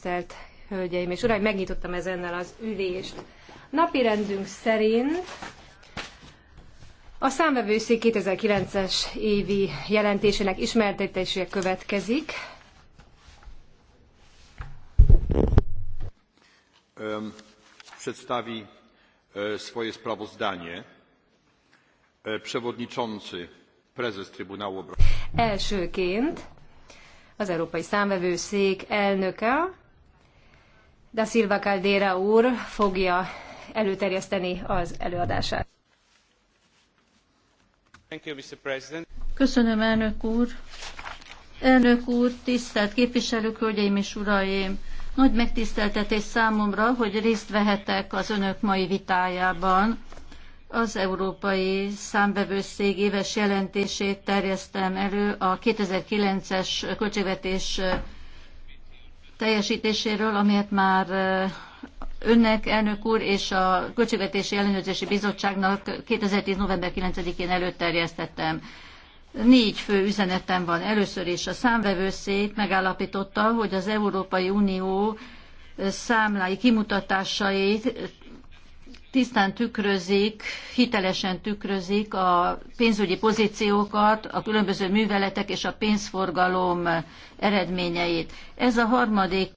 Tisztelt Hölgyeim és Uraim, megnyitottam ezennel az ülést. Napi rendünk szerint a számvevőszék 2009-es évi jelentésének ismertetése következik. Um, przedstawi e, swoje sprawozdanie e, przewodniczący prezes Trybunału Elsőként az Európai Számvevőszék elnöke Da Silva Caldera úr fogja előterjeszteni az előadását. Köszönöm, elnök úr! Elnök úr, tisztelt képviselők, hölgyeim és uraim! Nagy megtiszteltetés számomra, hogy részt vehetek az önök mai vitájában. Az Európai Számbevőszég éves jelentését terjesztem elő a 2009-es költségvetés teljesítéséről, amelyet már önnek, elnök úr, és a Költségvetési Ellenőrzési Bizottságnak 2010. november 9-én előterjesztettem. Négy fő üzenetem van. Először is a számvevőszék megállapította, hogy az Európai Unió számlái kimutatásait tisztán tükrözik, hitelesen tükrözik a pénzügyi pozíciókat, a különböző műveletek és a pénzforgalom eredményeit. Ez a harmadik